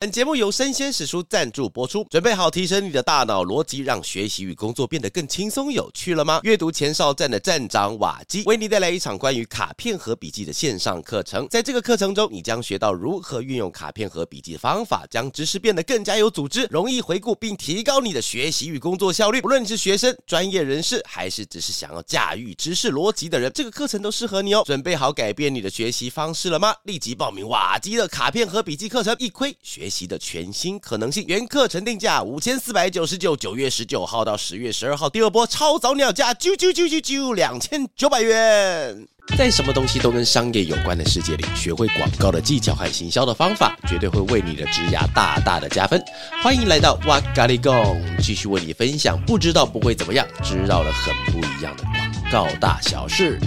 本節目由生鮮時書贊助播出。準備好提升你的大腦邏輯，讓學習與工作變得更輕鬆有趣了嗎？閱讀前哨站的站長瓦基為你帶來一場關於卡片盒筆記的線上課程。在這個課程中，你將學到如何運用卡片盒筆記的方法，將知識變得更加有組織、容易回顧，並提高你的學習與工作效率。無論你是學生、專業人士，還是只是想要駕馭知識邏輯的人，這個課程都適合你哦。準備好改變你的學習方式了嗎？立即報名瓦基的卡片盒筆記課程，一窺學。學習的全新可能性，原課程定價五千四百九十九，九月十九號到十月十二號，第二波超早鳥價，九九九九九兩千九百元。在什麼東西都跟商業有關的世界裡，學會廣告的技巧和行銷的方法，絕對會為你的職涯大大的加分。歡迎來到 WA 嘎哩供，繼續為你分享，不知道不會怎麼樣，知道了很不一樣的廣告大小事。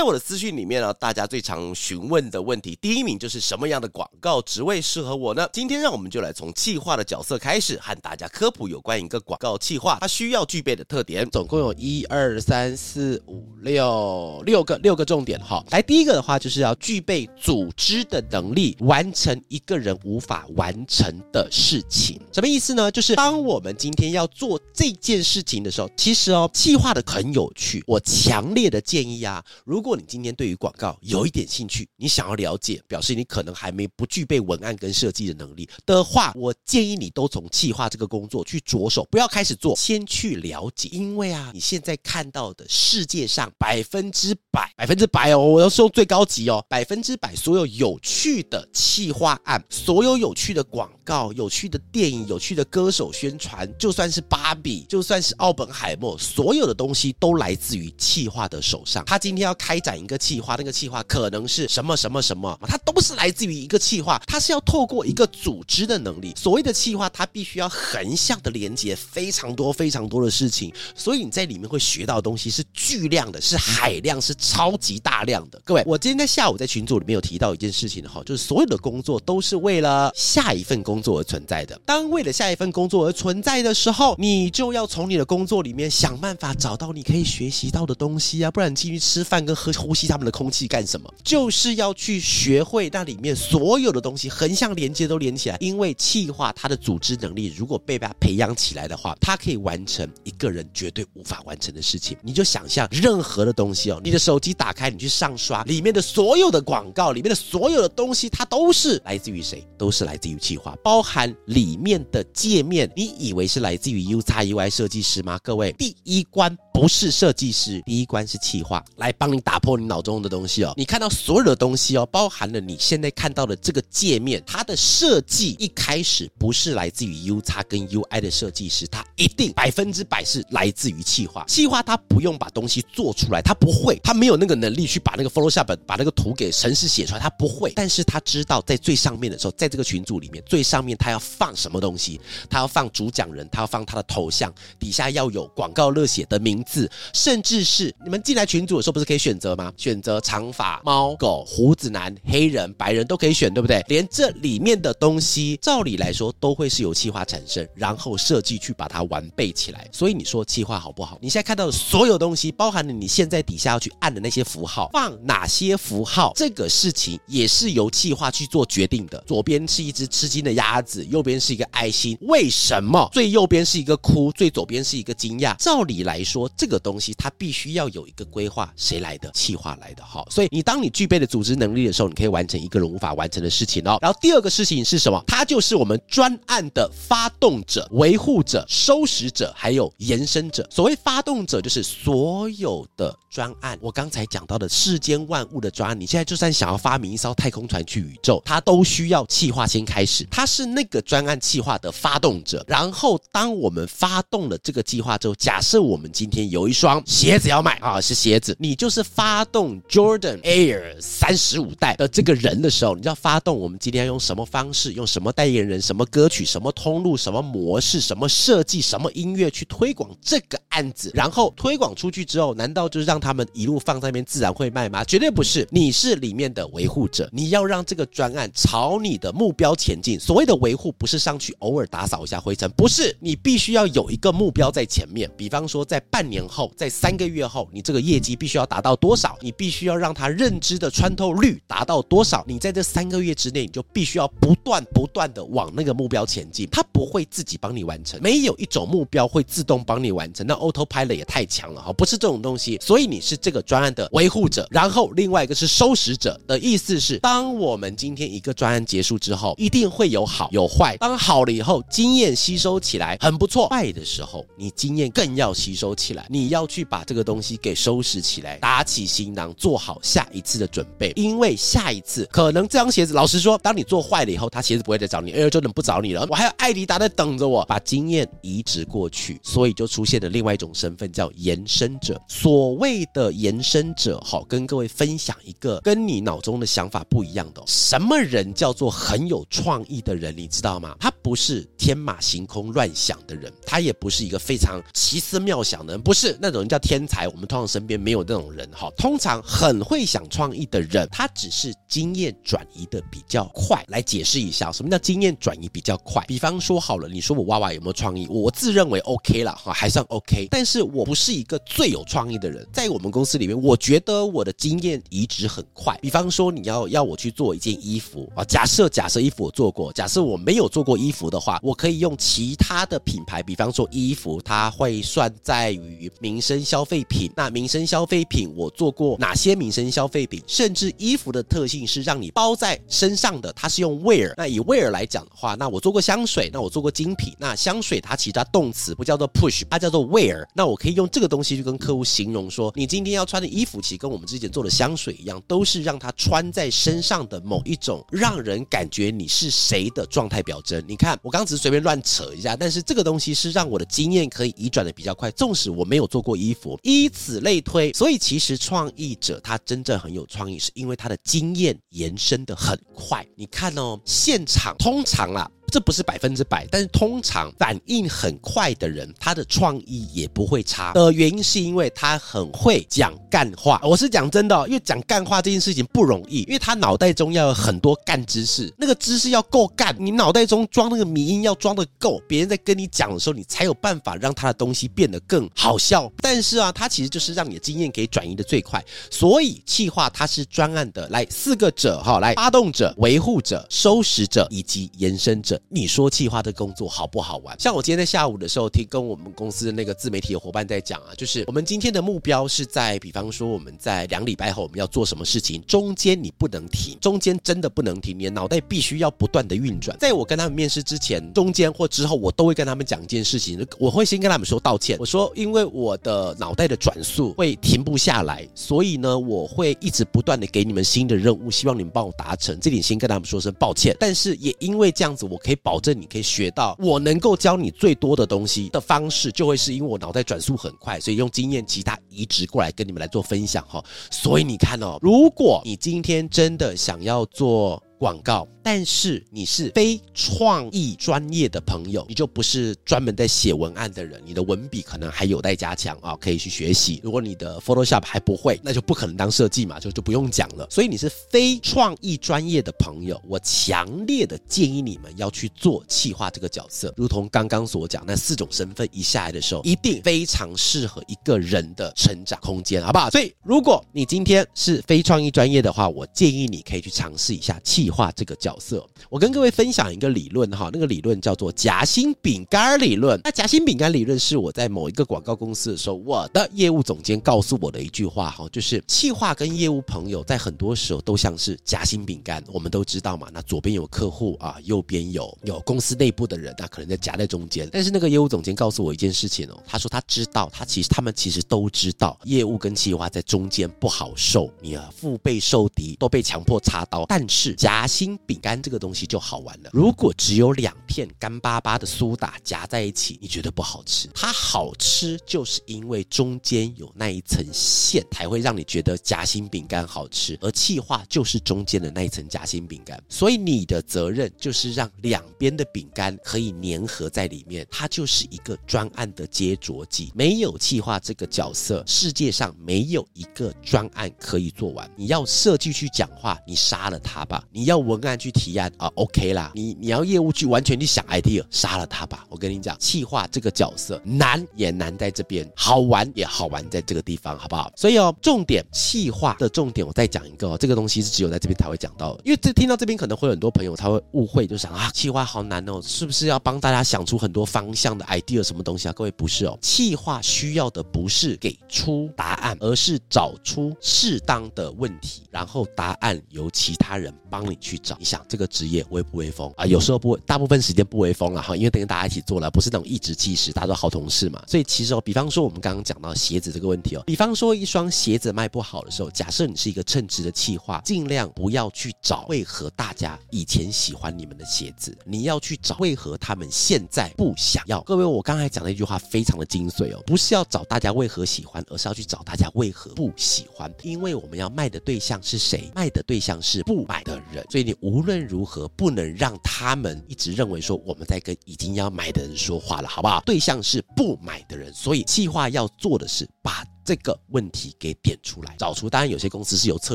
在我的資訊裡面呢，啊，大家最常詢問的問題，第一名就是什麼樣的廣告職位適合我呢？今天讓我們就來從企劃的角色開始，和大家科普有關一個廣告企劃，它需要具備的特點，總共有一二三四五六六個六個，六個重點，哦。哈，來第一個的話，就是要具備組織的能力，完成一個人無法完成的事情。什麼意思呢？就是當我們今天要做這件事情的時候，其實哦，企劃的很有趣。我強烈的建議啊，如果如果你今天對於廣告有一點興趣，你想要了解，表示你可能還沒不具備文案跟設計的能力的話，我建議你都從企劃這個工作去着手，不要開始做，先去了解。因為啊，你現在看到的世界上百分之百，百分之百哦，我要用最高級哦，百分之百所有有趣的企劃案，所有有趣的廣告、有趣的電影、有趣的歌手宣傳，就算是芭比，就算是奧本海默，所有的東西都來自於企劃的手上。他今天要開。展一個企劃，那個企劃可能是什麼什麼什麼，它都是來自於一個企劃，它是要透過一個組織的能力。所謂的企劃，它必須要橫向的連接非常多非常多的事情，所以你在裡面會學到東西是巨量的，是海量，是超級大量的。各位，我今天在下午在群組裡面有提到一件事情的哈，就是所有的工作都是為了下一份工作而存在的。當為了下一份工作而存在的時候，你就要從你的工作裡面想辦法找到你可以學習到的東西啊，不然你進去吃飯跟喝。呼吸他們的空氣幹什麼？就是要去學會那裡面所有的東西，橫向連接都連起來。因為企劃，它的組織能力，如果被它培養起來的話，它可以完成一個人絕對無法完成的事情。你就想象任何的東西哦，你的手機打開，你去上刷裡面的所有的廣告，裡面的所有的東西，它都是來自於誰？都是來自於企劃，包含裡面的界面。你以為是來自於 UX UI 設計師嗎？各位，第一關不是設計師，第一關是企劃，來幫你打。打破你腦中的東西哦！你看到所有的東西哦，包含了你現在看到的這個界面，它的設計一開始不是來自於 UX 跟 UI 的設計師，它一定百分之百是來自於企劃。企劃他不用把東西做出來，他不會，他沒有那個能力去把那個 Photoshop 把那個圖給程式寫出來，他不會。但是他知道在最上面的時候，在這個群組裡面最上面他要放什麼東西，他要放主講人，他要放他的頭像，底下要有廣告樂血的名字，甚至是你們進來群組的時候不是可以選。擇嗎？選擇長髮貓狗鬍子男黑人白人都可以選，對不對？連這裡面的東西，照理來說都會是由企劃產生，然後設計去把它完備起來。所以你說企劃好不好？你現在看到的所有東西，包含了你現在底下要去按的那些符號，放哪些符號這個事情也是由企劃去做決定的。左邊是一隻吃驚的鴨子，右邊是一個愛心。為什麼最右邊是一個哭，最左邊是一個驚訝？照理來說，這個東西它必須要有一個規劃，誰來的？企劃來的哈，所以你當你具備了組織能力的時候，你可以完成一個人無法完成的事情哦。然後第二個事情是什麼？它就是我們專案的發動者、維護者、收拾者，還有延伸者。所謂發動者，就是所有的專案。我剛才講到的世間萬物的專案，你現在就算想要發明一艘太空船去宇宙，它都需要企劃先開始。它是那個專案企劃的發動者。然後，當我們發動了這個計劃之後，假設我們今天有一雙鞋子要賣啊，是鞋子，你就是。發動 Jordan Air 三十五代的這個人的時候，你知道發動我們今天要用什麼方式，用什麼代言人，什麼歌曲，什麼通路，什麼模式，什麼設計，什麼音樂去推廣這個案子？然後推廣出去之後，難道就是讓他們一路放在那邊自然會賣嗎？絕對不是！你是裡面的維護者，你要讓這個專案朝你的目標前進。所謂的維護，不是上去偶爾打掃一下灰塵，不是，你必須要有一個目標在前面，比方說在半年後，在三個月後，你這個業績必須要達到多。多少？你必須要讓他認知的穿透率達到多少？你在這三個月之內，你就必須要不斷不斷的往那個目標前進，他不會自己幫你完成。沒有一種目標會自動幫你完成。那 Auto Pilot 也太強了哈，不是這種東西。所以你是這個專案的維護者，然後另外一個是收拾者的意思是，當我們今天一個專案結束之後，一定會有好有壞。當好了以後，經驗吸收起來很不錯；壞的時候，你經驗更要吸收起來，你要去把這個東西給收拾起來，打起。行囊，做好下一次的準備，因為下一次可能這雙鞋子，老實說，當你做壞了以後，他鞋子不會再找你，Air Jordan 不找你了。我還有艾迪達在等着我，把經驗移植過去，所以就出現了另外一種身份，叫延伸者。所謂的延伸者，好、哦，跟各位分享一個跟你腦中的想法不一樣的，什麼人叫做很有創意的人，你知道嗎？他。不是天馬行空亂想的人，他也不是一個非常奇思妙想的人，不是那種人叫天才。我們通常身邊沒有那種人哈。通常很會想創意的人，他只是經驗轉移的比較快。來解釋一下，什麼叫經驗轉移比較快？比方說好了，你說我娃娃有沒有創意？我自認為 OK 啦哈，還算 OK。但是我不是一個最有創意的人，在我們公司裡面，我覺得我的經驗移植很快。比方說，你要要我去做一件衣服啊，假設假設衣服我做過，假設我沒有做過衣服。衣服的話，我可以用其他的品牌，比方說衣服，它會算在於民生消費品。那民生消費品，我做過哪些民生消費品？甚至衣服的特性是讓你包在身上的，它是用 wear。那以 wear 來講的話，那我做過香水，那我做過精品。那香水它其他動詞不叫做 push，它叫做 wear。那我可以用這個東西去跟客戶形容說，你今天要穿的衣服，其實跟我們之前做的香水一樣，都是讓它穿在身上的某一種，讓人感覺你是誰的狀態表徵。你看，我剛只是隨便亂扯一下，但是這個東西是讓我的經驗可以移轉的比較快，縱使我沒有做過衣服，以此類推，所以其實創意者他真正很有創意，是因為他的經驗延伸的很快。你看哦，現場通常啊。這不是百分之百，但是通常反應很快的人，他的創意也不會差。的，呃，原因是因為他很會講幹話。我是講真的哦，因為講幹話這件事情不容易，因為他腦袋中要有很多幹知識，那個知識要夠幹，你腦袋中裝那個迷因要裝得夠，別人在跟你講的時候，你才有辦法讓他的東西變得更好笑。但是啊，他其實就是讓你的經驗給轉移的最快。所以企劃他是專案的，來四個者哈，來發動者、維護者、收拾者以及延伸者。你說企劃的工作好不好玩？像我今天在下午的時候，聽跟我們公司的那個自媒體的夥伴在講啊，就是我們今天的目標是在，比方說我們在兩禮拜後我們要做什麼事情，中間你不能停，中間真的不能停，你的腦袋必須要不斷的運轉。在我跟他們面試之前，中間或之後，我都會跟他們講一件事情，我會先跟他們說道歉，我說因為我的腦袋的轉速會停不下來，所以呢，我會一直不斷的給你們新的任務，希望你們幫我達成。這點先跟他們說聲抱歉，但是也因為這樣子，我可以。可以保證，你可以學到我能夠教你最多的東西的方式，就會是因為我腦袋轉速很快，所以用經驗其他移植過來跟你們來做分享哈、哦。所以你看哦，如果你今天真的想要做。廣告，但是你是非創意專業的朋友，你就不是專門在寫文案的人，你的文筆可能還有待加強啊、哦，可以去學習。如果你的 Photoshop 還不會，那就不可能當設計嘛，就就不用講了。所以你是非創意專業的朋友，我強烈的建議你們要去做企劃這個角色，如同剛剛所講，那四種身份一下來的時候，一定非常適合一個人的成長空間，好不好？所以如果你今天是非創意專業的話，我建議你可以去嘗試一下企。畫這個角色，我跟各位分享一個理論哈，那個理論叫做夾心餅乾理論。那夾心餅乾理論是我在某一個廣告公司的時候，我的業務總監告訴我的一句話哈，就是企劃跟業務朋友在很多時候都像是夾心餅乾。我們都知道嘛，那左邊有客戶啊，右邊有有公司內部的人，那可能在夾在中間。但是那個業務總監告訴我一件事情哦，他說他知道，他其實他們其實都知道，業務跟企劃在中間不好受，你啊，腹背受敵，都被強迫插刀。但是夾。夾心餅乾這個東西就好玩了。如果只有兩片乾巴巴的蘇打夾在一起，你覺得不好吃？它好吃就是因為中間有那一層餡，才會讓你覺得夾心餅乾好吃。而企劃，就是中間的那一層夾心餅乾。所以你的責任就是讓兩邊的餅乾可以粘合在裡面，它就是一個專案的接着劑。沒有企劃這個角色，世界上沒有一個專案可以做完。你要設計去講話，你殺了它吧。你。要文案去提案啊，OK 啦。你你要業務去完全去想 idea，殺了他吧。我跟你講，企劃這個角色難也難在這邊，好玩也好玩在這個地方，好不好？所以哦，重點，企劃的重點，我再講一個哦，這個東西是只有在這邊才會講到的。因為這聽到這邊可能會有很多朋友他會誤會，就想啊，企劃好難哦，是不是要幫大家想出很多方向的 idea 什麼東西啊？各位不是哦，企劃需要的不是給出答案，而是找出適當的問題，然後答案由其他人幫你去找你想這個職業威不威風啊？有時候不，大部分時間不威風了哈，因為等跟大家一起做了，不是那種頤指氣使，大家都好同事嘛。所以其實哦，比方說我們剛剛講到鞋子這個問題哦，比方說一雙鞋子賣不好的時候，假設你是一個稱職的企劃，儘量不要去找為何大家以前喜歡你們的鞋子，你要去找為何他們現在不想要。各位，我剛才講那句話非常的精髓哦，不是要找大家為何喜歡，而是要去找大家為何不喜歡，因為我們要賣的對象是誰？賣的對象是不買的人。所以你無論如何不能讓他們一直認為說我們在跟已經要買的人說話了，好不好？對象是不買的人，所以企劃要做的是把這個問題給點出來，找出。當然有些公司是有策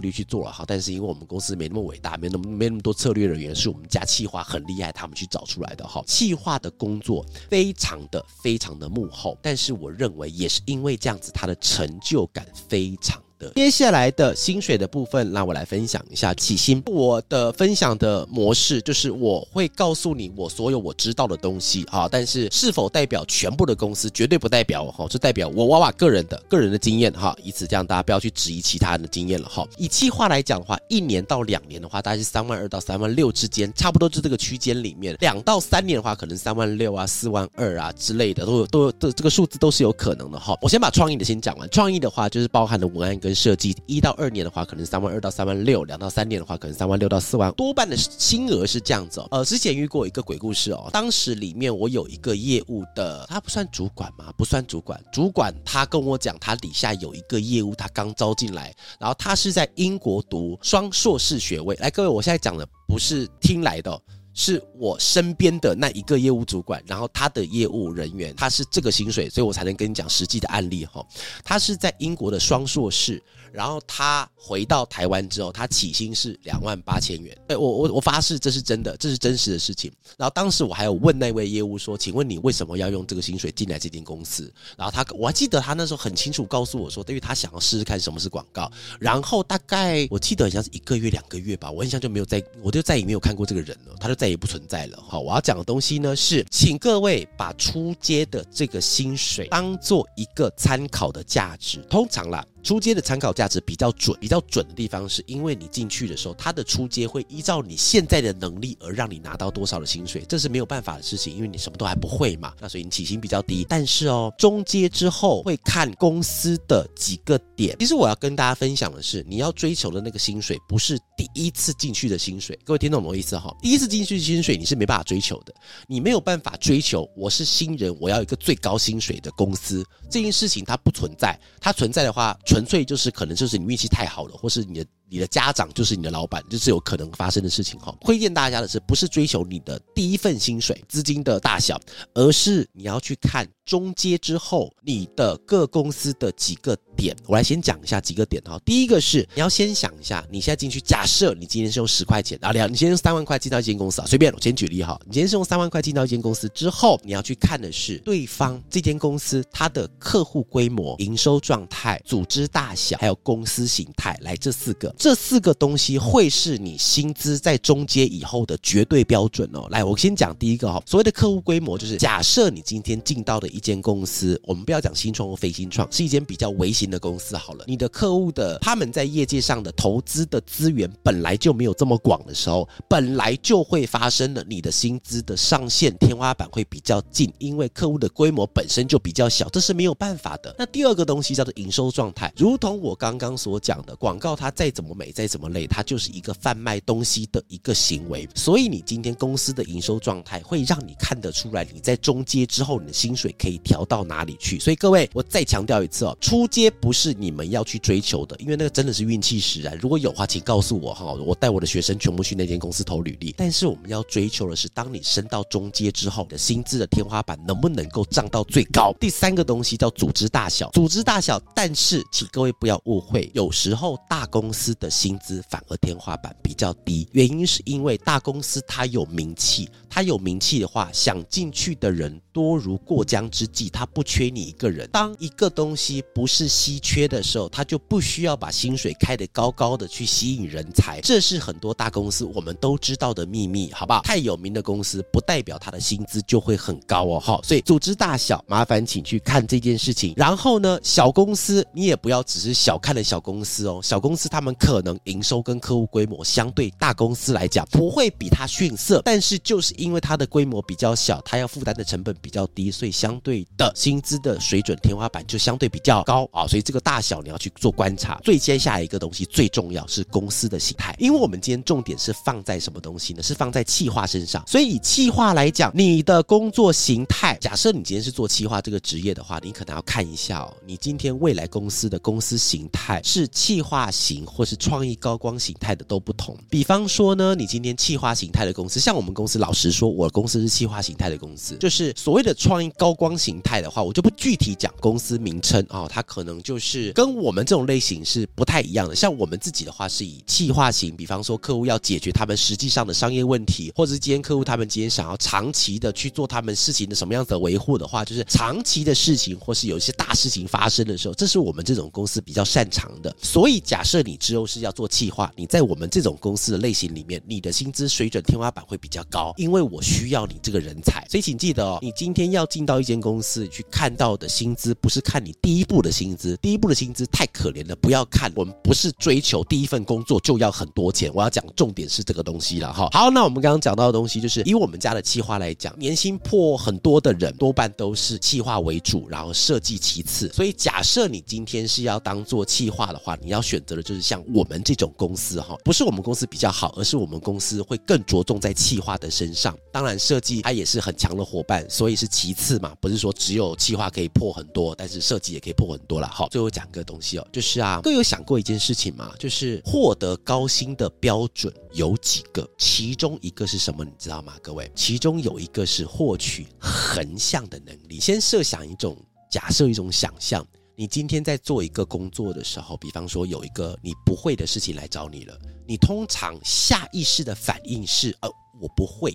略去做了哈，但是因為我們公司沒那麼偉大，沒那麼沒那麼多策略人員，是我們家企劃很厲害，他們去找出來的哈。企劃的工作非常的非常的幕後，但是我認為也是因為這樣子，他的成就感非常。接下來的薪水的部分，讓我來分享一下起薪。我的分享的模式就是我會告訴你我所有我知道的東西啊，但是是否代表全部的公司，絕對不代表哈，是代表我娃娃個人的個人的經驗哈。以此，這樣大家不要去質疑其他人的經驗了哈。以企劃來講的話，一年到兩年的話，大概是三萬二到三萬六之間，差不多就這個區間裡面。兩到三年的話，可能三萬六啊、四萬二啊之類的，都有都有，這這個數字都是有可能的哈。我先把創意的先講完，創意的話就是包含了文案跟。設計一到二年的話，可能三萬二到三萬六；兩到三年的話，可能三萬六到四萬。多半的金額是這樣子哦。呃，之前遇過一個鬼故事哦。當時裡面我有一個業務的，他不算主管嗎？不算主管，主管他跟我講，他底下有一個業務，他剛招進來，然後他是在英國讀雙碩士學位。來，各位，我現在講的不是聽來的。是我身邊的那一個業務主管，然後他的業務人員，他是這個薪水，所以我才能跟你講實際的案例哈。他是在英國的雙碩士。然後他回到台灣之後，他起薪是兩萬八千元。哎，我我我發誓這是真的，這是真實的事情。然後當時我還有問那位業務說，請問你為什麼要用這個薪水進來這間公司？然後他，我還記得他那時候很清楚告訴我說，對於他想要試試看什麼是廣告。然後大概我記得好像是一個月兩個月吧，我印象就沒有再，我就再也沒有看過這個人了，他就再也不存在了。好，我要講的東西呢，是，請各位把初階的這個薪水當做一個參考的價值。通常啦，初階的參考價。價值比較準、比較準的地方，是因為你進去的時候，他的初階會依照你現在的能力而讓你拿到多少的薪水，這是沒有辦法的事情，因為你什麼都還不會嘛。那所以你起薪比較低。但是哦，中階之後會看公司的幾個點。其實我要跟大家分享的是，你要追求的那個薪水，不是第一次進去的薪水。各位聽懂我的意思哈？第一次進去的薪水你是沒辦法追求的，你沒有辦法追求。我是新人，我要一個最高薪水的公司，這件事情它不存在。它存在的話，純粹就是可能。就是你運氣太好了，或是你的。你的家長就是你的老闆，就是有可能發生的事情哈、哦。推薦大家的是，不是追求你的第一份薪水、資金的大小，而是你要去看中階之後你的各公司的幾個點。我來先講一下幾個點哈、哦。第一個是你要先想一下，你現在進去假設你今天是用十塊錢啊兩，你先用三萬塊進到一間公司啊，隨便我先舉例哈。你今天是用三萬塊進到一間公司之後，你要去看的是對方這間公司它的客戶規模、營收狀態、組織大小，還有公司形態，來這四個。這四個東西會是你薪資在中階以後的絕對標準哦。來，我先講第一個哈、哦，所謂的客戶規模，就是假設你今天進到的一間公司，我們不要講新創或非新創，是一間比較微型的公司好了。你的客戶的他們在業界上的投資的資源本來就沒有這麼廣的時候，本來就會發生了。你的薪資的上限天花板會比較近，因為客戶的規模本身就比較小，這是沒有辦法的。那第二個東西叫做營收狀態，如同我剛剛所講的，廣告它再怎麼怎麼美再怎麼累，它就是一個販賣東西的一個行為。所以，你今天公司的營收狀態會讓你看得出來，你在中階之後，你的薪水可以調到哪裡去。所以，各位，我再強調一次哦，初階不是你們要去追求的，因為那個真的是運氣使然。如果有話，請告訴我哈，我帶我的學生全部去那間公司投履歷。但是，我們要追求的是，當你升到中階之後，你的薪資的天花板能不能夠漲到最高？第三個東西叫組織大小，組織大小。但是，請各位不要誤會，有時候大公司的薪資反而天花板比較低，原因是因為大公司它有名氣，它有名氣的話，想進去的人多如過江之鯽，它不缺你一個人。當一個東西不是稀缺的時候，它就不需要把薪水開得高高的去吸引人才，這是很多大公司我們都知道的秘密，好不好？太有名的公司不代表他的薪資就會很高哦，哈。所以組織大小，麻煩請去看這件事情。然後呢，小公司你也不要只是小看了小公司哦，小公司他們。可能營收跟客戶規模相對大公司來講不會比它遜色，但是就是因為它的規模比較小，它要負擔的成本比較低，所以相對的薪資的水準天花板就相對比較高啊、哦。所以這個大小你要去做觀察。最接下來一個東西最重要是公司的形態，因為我們今天重點是放在什麼東西呢？是放在企劃身上。所以以企劃來講，你的工作形態，假設你今天是做企劃這個職業的話，你可能要看一下、哦、你今天未來公司的公司形態是企劃型或是。創意高光形態的都不同，比方說呢，你今天企劃形態的公司，像我們公司，老實說，我公司是企劃形態的公司，就是所謂的創意高光形態的話，我就不具體講公司名稱啊、哦，它可能就是跟我們這種類型是不太一樣的。像我們自己的話，是以企劃型，比方說客戶要解決他們實際上的商業問題，或者是今天客戶他們今天想要長期的去做他們事情的什麼樣子的維護的話，就是長期的事情，或是有一些大事情發生的時候，這是我們這種公司比較擅長的。所以假設你只有不是要做企劃，你在我們這種公司的類型裡面，你的薪資水準天花板會比較高，因為我需要你這個人才。所以請記得哦，你今天要進到一間公司去看到的薪資，不是看你第一步的薪資，第一步的薪資太可憐了，不要看。我們不是追求第一份工作就要很多錢，我要講重點是這個東西了哈。好，那我們剛剛講到的東西，就是以我們家的企劃來講，年薪破很多的人，多半都是企劃為主，然後設計其次。所以假設你今天是要當做企劃的話，你要選擇的就是像。我們這種公司哈，不是我們公司比較好，而是我們公司會更着重在企劃的身上。當然，設計它也是很強的夥伴，所以是其次嘛。不是說只有企劃可以破很多，但是設計也可以破很多啦。好，最後講個東西哦，就是啊，各位有想過一件事情嗎？就是獲得高薪的標準有幾個？其中一個是什麼？你知道嗎？各位，其中有一個是獲取橫向的能力。先設想一種假設，一種想象。你今天在做一個工作的時候，比方說有一個你不會的事情來找你了，你通常下意識的反應是，呃，我不會，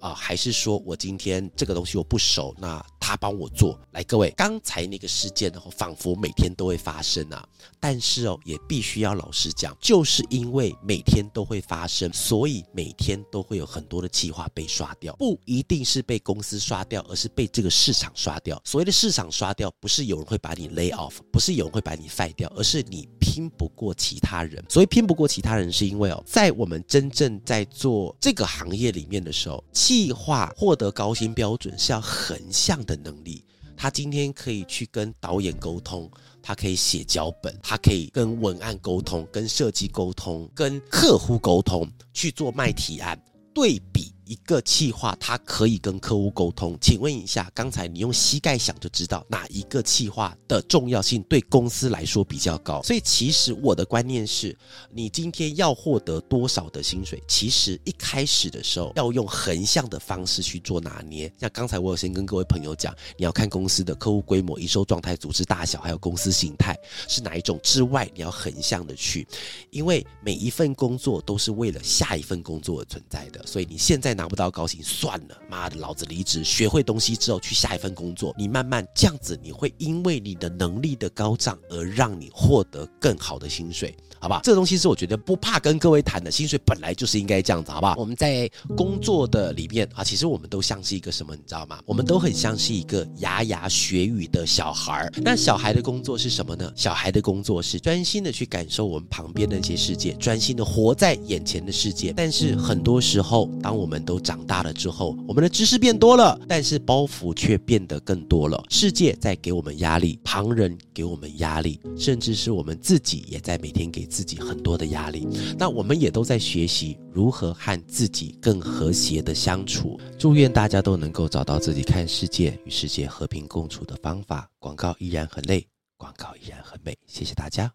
啊、呃，還是說我今天這個東西我不熟，那，他幫我做。來，各位，剛才那個事件呢，仿佛每天都會發生啊。但是哦，也必須要老實講，就是因為每天都會發生，所以每天都會有很多的企劃被刷掉，不一定是被公司刷掉，而是被這個市場刷掉。所謂的市場刷掉，不是有人會把你 lay off，不是有人會把你 fight 掉，而是你拼不過其他人。所以拼不過其他人，是因為哦，在我們真正在做這個行業裡面的時候，企劃獲得高薪標準是要橫向的，能力，他今天可以去跟導演溝通，他可以寫腳本，他可以跟文案溝通、跟設計溝通、跟客戶溝通，去做賣提案對比。一個企劃，它可以跟客戶溝通。請問一下，剛才你用膝蓋想就知道哪一個企劃的重要性對公司來說比較高？所以，其實我的觀念是，你今天要獲得多少的薪水，其實一開始的時候要用橫向的方式去做拿捏。像剛才我有先跟各位朋友講，你要看公司的客戶規模、營收狀態、組織大小，還有公司形態是哪一種之外，你要橫向的去，因為每一份工作都是為了下一份工作而存在的，所以你現在。拿不到高薪，算了，媽的老子離職，學會東西之後去下一份工作。你慢慢這樣子，你會因為你的能力的高漲而讓你獲得更好的薪水，好吧？這個東西是我覺得不怕跟各位談的。薪水本來就是應該這樣子，好吧？ 我們在工作的裡面啊，其實我們都像是一個什麼，你知道嗎？我們都很像是一個牙牙學語的小孩兒。那小孩的工作是什麼呢？小孩的工作是專心的去感受我們旁邊的一些世界，專心的活在眼前的世界。但是很多時候，當我們都長大了之後，我們的知識變多了，但是包袱卻變得更多了。世界在給我們壓力，旁人給我們壓力，甚至是我們自己也在每天給自己很多的壓力。那我們也都在學習如何和自己更和諧地相處。祝願大家都能夠找到自己看世界與世界和平共處的方法。廣告依然很累，廣告依然很美。謝謝大家。